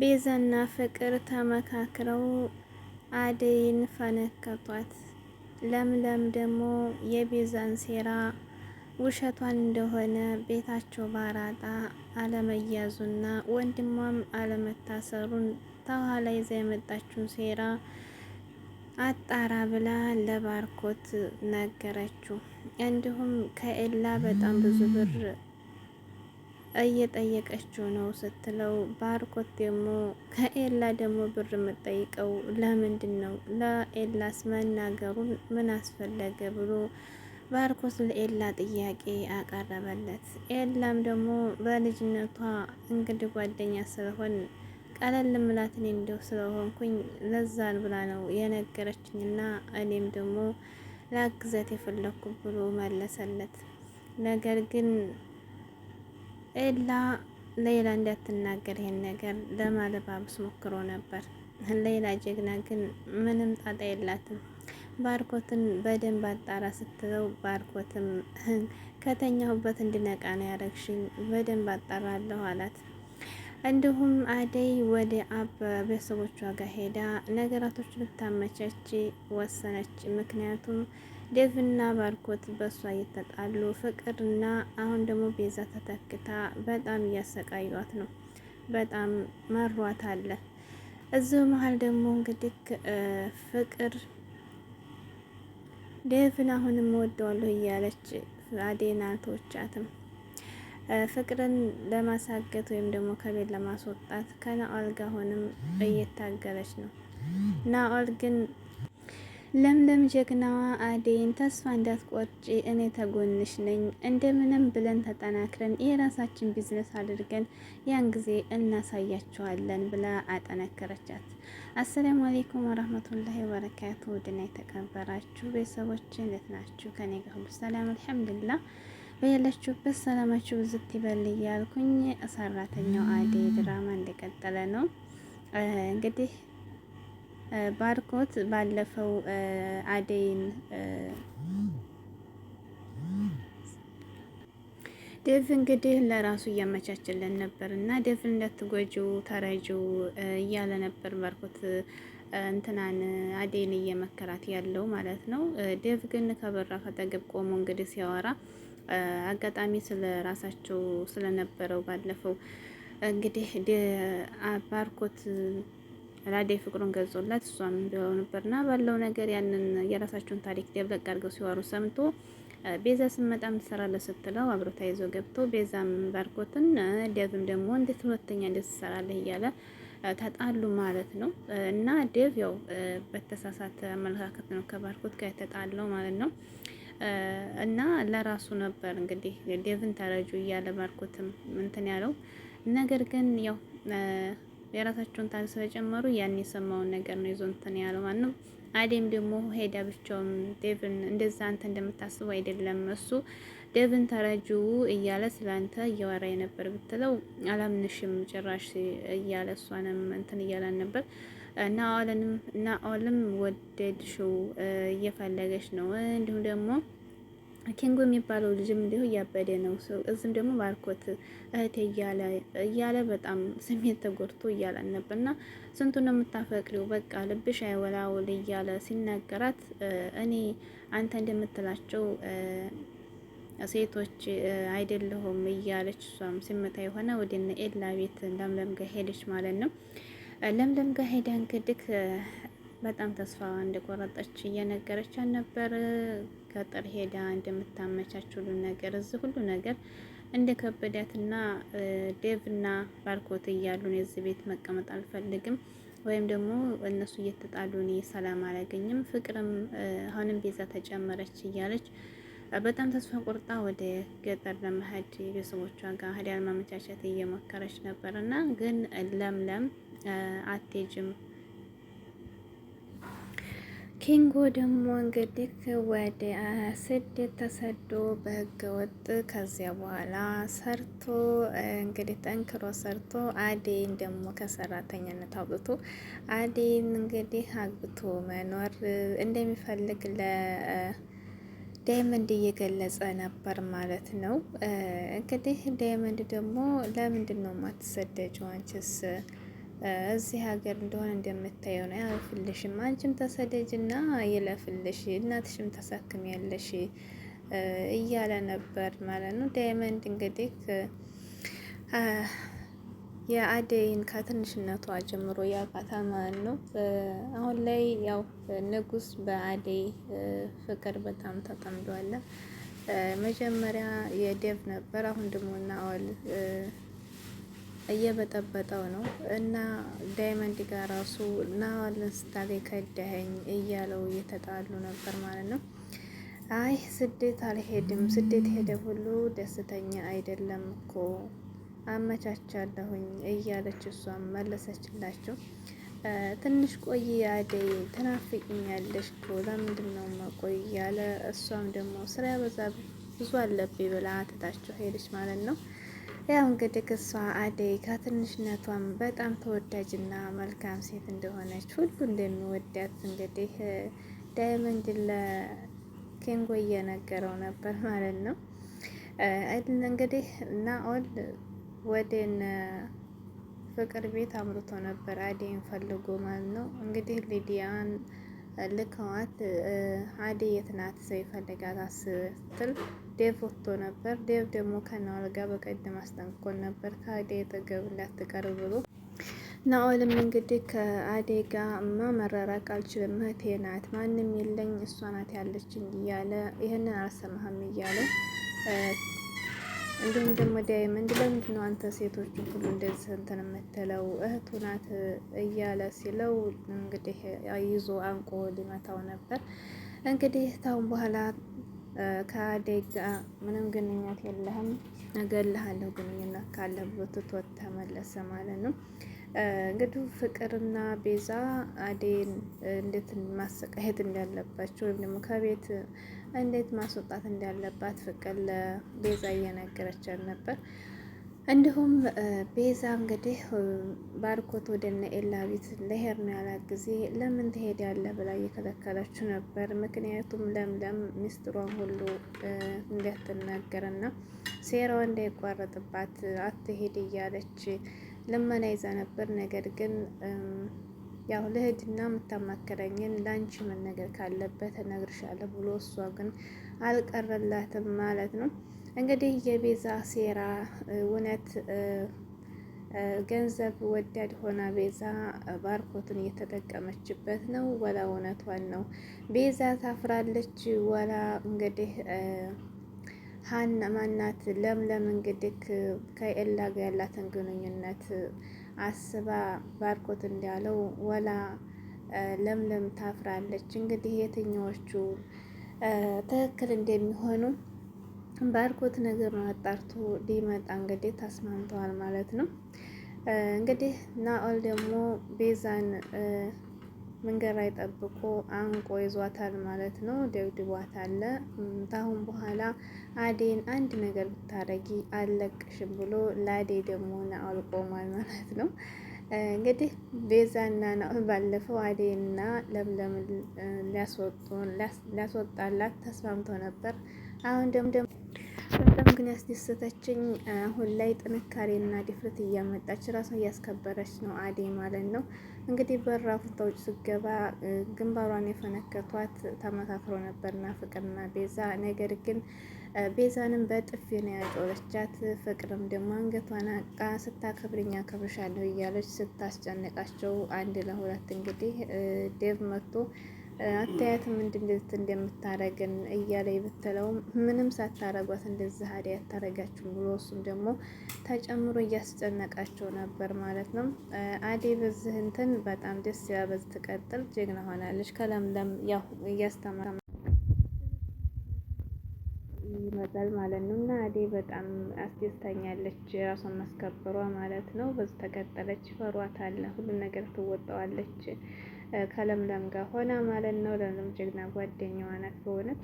ቤዛና ፍቅር ተመካክረው አደይን ፈነከቷት። ለምለም ደግሞ የቤዛን ሴራ ውሸቷን እንደሆነ ቤታቸው ባራጣ አለመያዙና ወንድሟም አለመታሰሩን ተኋላ ይዛ የመጣችውን ሴራ አጣራ ብላ ለባርኮት ነገረችው። እንዲሁም ከኤላ በጣም ብዙ ብር እየጠየቀችው ነው ስትለው፣ ባርኮት ደግሞ ከኤላ ደግሞ ብር የምጠይቀው ለምንድን ነው ለኤላስ መናገሩን ምን አስፈለገ ብሎ ባርኮት ለኤላ ጥያቄ አቀረበለት። ኤላም ደግሞ በልጅነቷ እንግዲህ ጓደኛ ስለሆን ቀለል ምላት እኔ እንደው ስለሆንኩኝ ለዛን ብላ ነው የነገረችኝና እኔም ደግሞ ላግዘት የፈለግኩ ብሎ መለሰለት። ነገር ግን ኤላ ሌላ እንዳትናገር ይሄን ነገር ለማለባበስ ሞክሮ ነበር። ሌላ ጀግና ግን ምንም ጣጣ የላትም። ባርኮትን በደንብ አጣራ ስትለው ባርኮትም ከተኛሁበት እንድነቃ ነው ያረግሽኝ፣ በደንብ አጣራለሁ አላት። እንዲሁም አደይ ወደ አብ ቤተሰቦቿ ጋር ሄዳ ነገራቶች ልታመቻች ወሰነች። ምክንያቱም ዴቭና ባርኮት በእሷ እየተጣሉ ፍቅርና አሁን ደግሞ ቤዛ ተተክታ በጣም እያሰቃዩት ነው። በጣም መሯት አለ። እዚሁ መሀል ደግሞ እንግዲህ ፍቅር ዴቭን አሁንም ወደዋለሁ እያለች አዴን አልተወቻትም። ፍቅርን ለማሳገት ወይም ደግሞ ከቤት ለማስወጣት ከናኦል ጋር አሁንም እየታገለች ነው። ናኦል ግን ለምለም ጀግናዋ አደይን ተስፋ እንዳትቆርጪ እኔ ተጎንሽ ነኝ፣ እንደምንም ብለን ተጠናክረን የራሳችን ቢዝነስ አድርገን ያን ጊዜ እናሳያችኋለን ብላ አጠነከረቻት። አሰላሙ አሌይኩም ወረህመቱላሂ ወበረካቱ። ውድና የተከበራችሁ ቤተሰቦች እንዴት ናችሁ? ከኔ ጋር ሁሉ ሰላም አልሐምዱሊላህ። በያላችሁበት ሰላማችሁ ብዝት ይበል እያልኩኝ ሰራተኛው አደይ ድራማ እንደቀጠለ ነው እንግዲህ ባርኮት ባለፈው አደይን ዴቭ እንግዲህ ለራሱ እያመቻችለን ነበር እና ዴቭ እንዳትጎጂው ተረጁ እያለ ነበር ባርኮት እንትናን አዴን እየመከራት ያለው ማለት ነው። ዴቭ ግን ከበራ ከጠገብ ቆሞ እንግዲህ ሲያወራ አጋጣሚ ስለ ራሳቸው ስለነበረው ባለፈው እንግዲህ ባርኮት ለአደይ ፍቅሩን ገልጾላት እሷም ቢሆን ነበርና ባለው ነገር ያንን የራሳቸውን ታሪክ ደብለቅ አድርገው ሲዋሩ ሰምቶ ቤዛ ስመጣ ምን ትሰራለህ ስትለው አብሮ ተያይዞ ገብቶ ቤዛም ባርኮትን ደብም ደግሞ እንዴት ሁለተኛ እንዴት ትሰራለህ እያለ ተጣሉ ማለት ነው። እና ደብ ያው በተሳሳተ አመለካከት ነው ከባርኮት ጋር የተጣለው ማለት ነው። እና ለራሱ ነበር እንግዲህ ደብን ተረጁ እያለ ባርኮትም እንትን ያለው ነገር ግን ያው የራሳቸውን ታሪክ ስለጨመሩ ያን የሰማውን ነገር ነው ይዞ እንትን ያለው ማለት ነው። አዴም ደግሞ ሄዳ ብቻውን ዴቭን እንደዛ አንተ እንደምታስበው አይደለም እሱ ዴቭን ተረጅው እያለ ስላንተ እያወራ ነበር ብትለው አላምንሽም ጭራሽ እያለ እሷንም እንትን እያለን ነበር እና አዋለንም እና ወደድሽው እየፈለገች ነው እንዲሁም ደግሞ ኪንጎ የሚባለው ልጅም እንዲሁ እያበደ ነው። እዚህም ደግሞ ባርኮት እህቴ እያለ እያለ በጣም ስሜት ተጎድቶ እያለ ነበር እና ስንቱ ነው የምታፈቅሪው በቃ ልብሽ አይወላውል እያለ ሲናገራት እኔ አንተ እንደምትላቸው ሴቶች አይደለሁም እያለች እሷም ስምታ የሆነ ወደነ ኤላ ቤት ለምለም ሄደች ማለት ነው። ለምለም ጋር ሄዳ እንግዲህ በጣም ተስፋ እንደቆረጠች እየነገረች ነበር። ገጠር ሄዳ እንደምታመቻችሉ ነገር እዚህ ሁሉ ነገር እንደ ከበዳትና ዴቭና ባርኮት እያሉ ነው የዚህ ቤት መቀመጥ አልፈልግም ወይም ደግሞ እነሱ እየተጣሉ እኔ ሰላም አላገኝም፣ ፍቅርም አሁንም ቤዛ ተጨመረች እያለች በጣም ተስፋ ቁርጣ ወደ ገጠር ለመሄድ ቤተሰቦቿ ጋር ሄዳ ማመቻቸት እየሞከረች ነበርና ግን ለምለም አትሄጂም ኪንጎ ደግሞ እንግዲህ ወደ ስደት ተሰዶ በህገ ወጥ ከዚያ በኋላ ሰርቶ እንግዲህ ጠንክሮ ሰርቶ አዴይን ደግሞ ከሰራተኛነት አውጥቶ አዴይን እንግዲህ አግብቶ መኖር እንደሚፈልግ ለዳይመንድ እየገለጸ ነበር ማለት ነው። እንግዲህ ዳይመንድ ደግሞ ለምንድን ነው የማትሰደጂው አንቺስ እዚህ ሀገር እንደሆነ እንደምታየው ነው ያልፍልሽም። አንቺም ተሰደጅና ይለፍልሽ፣ እናትሽም ተሳክም ያለሽ እያለ ነበር ማለት ነው። ዳይመንድ እንግዲህ የአደይን ከትንሽነቷ ጀምሮ ያውቃታ ማለት ነው። አሁን ላይ ያው ንጉስ በአደይ ፍቅር በጣም ተጠምዷል። መጀመሪያ የደብ ነበር፣ አሁን ደግሞ እናዋል እየበጠበጠው ነው እና ዳይመንድ ጋር ራሱ ናዋልን ስታገኝ ከዳኸኝ እያለው እየተጣሉ ነበር ማለት ነው። አይ ስደት አልሄድም፣ ስደት ሄደ ሁሉ ደስተኛ አይደለም እኮ አመቻቻለሁኝ እያለች እሷም መለሰችላቸው። ትንሽ ቆይ አደይ ትናፍቅኛለሽ እኮ ለምንድን ነው መቆይ እያለ እሷም ደግሞ ስራ በዛ ብዙ አለብኝ ብላ ትታቸው ሄደች ማለት ነው። ያው እንግዲህ እሷ አደይ ከትንሽነቷም በጣም ተወዳጅና መልካም ሴት እንደሆነች ሁሉ እንደሚወዳት እንግዲህ ዳይመንድ ለኬንጎ እየነገረው ነበር ማለት ነው። እንግዲህ ናኦል ወደን ፍቅር ቤት አምርቶ ነበር አደይን ፈልጎ ማለት ነው። እንግዲህ ሊዲያን ልከዋት አደይ የት ናት ሰው ይፈልጋታል ስትል ዴቭ ወጥቶ ነበር። ዴቭ ደግሞ ከናወልጋ በቀደም አስጠንቅቆን ነበር ከአደይ አጠገብ እንዳትቀርብ ብሎ ናኦልም እንግዲህ ከአዴ ጋር እማ መራራቅ አልችልም፣ እህቴ ናት፣ ማንም የለኝ፣ እሷ ናት ያለችኝ እያለ ይህንን አልሰማህም እያለ እንዲሁም ደግሞ ዳይመንድ ለምንድን ነው አንተ ሴቶች ሁሉ እንደዚህ እንትን የምትለው እህቱ ናት እያለ ሲለው እንግዲህ ይዞ አንቆ ሊመታው ነበር። እንግዲህ ታሁን በኋላ ከአደጋ ምንም ግንኙነት የለህም እገልሃለሁ ግንኙነት ካለ ብሎ ትቶት ተመለሰ ማለት ነው። እንግዲህ ፍቅርና ቤዛ አዴን እንዴት ማሰቃየት እንዳለባቸው ወይም ደግሞ ከቤት እንዴት ማስወጣት እንዳለባት ፍቅር ለቤዛ እየነገረች ነበር። እንዲሁም ቤዛ እንግዲህ ባርኮት ወደ እነ ኤላ ቤት ለሄር ነው ያላት ጊዜ ለምን ትሄድ ያለ ብላ እየከለከለችው ነበር። ምክንያቱም ለምለም ሚስጥሯን ሁሉ እንዳትናገርና ሴራው እንዳይቋረጥባት አትሄድ እያለች ልመና ይዛ ነበር። ነገር ግን ያው ልሂድና የምታማክረኝን ላንቺ መነገር ካለበት እነግርሻለሁ ብሎ እሷ ግን አልቀረላትም ማለት ነው። እንግዲህ የቤዛ ሴራ እውነት ገንዘብ ወዳድ ሆና ቤዛ ባርኮትን እየተጠቀመችበት ነው፣ ወላ እውነቷን ነው። ቤዛ ታፍራለች፣ ወላ እንግዲህ ሀና ማናት ለምለም እንግዲህ ከኤላ ጋር ያላትን ግንኙነት አስባ ባርኮት እንዳለው ወላ ለምለም ታፍራለች። እንግዲህ የትኛዎቹ ትክክል እንደሚሆኑ ባርኮት ነገሩን አጣርቶ ሊመጣ እንግዲህ ተስማምተዋል ማለት ነው። እንግዲህ ናኦል ደግሞ ቤዛን መንገድ ላይ ጠብቆ አንቆ ይዟታል ማለት ነው። ደብድቧታል። ታሁን በኋላ አዴን አንድ ነገር ብታረጊ አለቅሽም ብሎ ለአዴ ደግሞ ናኦል ቆሟል ማለት ነው። እንግዲህ ቤዛና ናኦል ባለፈው አዴና ለምለምን ሊያስወጣላት ተስማምተው ነበር። አሁን ደግሞ በጣም ግን ያስደሰተችኝ አሁን ላይ ጥንካሬና ድፍረት እያመጣች ራሷ እያስከበረች ነው። አዴ ማለት ነው እንግዲህ በራ ተውጭ ስገባ ግንባሯን የፈነከቷት ተመካክሮ ነበርና ፍቅርና ቤዛ። ነገር ግን ቤዛንም በጥፊ ነው ያጮለቻት። ፍቅርም ደግሞ አንገቷን አቃ ስታከብርኝ አከብርሻለሁ እያለች ስታስጨንቃቸው አንድ ለሁለት እንግዲህ ዴቭ መጥቶ አታያትም እንድንድት እንደምታረግን እያለ ብትለውም ምንም ሳታረጓት እንደዚህ አደይ አታረጋችሁም ብሎ እሱም ደግሞ ተጨምሮ እያስጨነቃቸው ነበር ማለት ነው። አዴ በዚህ እንትን በጣም ደስ ያ በዚህ ትቀጥል ጀግና ሆናለች። ከለምለም እያስተማ ይመጣል ማለት ነው። እና አዴ በጣም አስደስተኛለች ራሷን ማስከበሯ ማለት ነው። በዚህ ተቀጠለች፣ ይፈሯታል፣ ሁሉ ነገር ትወጣዋለች። ከለምለም ጋር ሆና ማለት ነው። ለምለም ጀግና ጓደኛዋ ናት በእውነት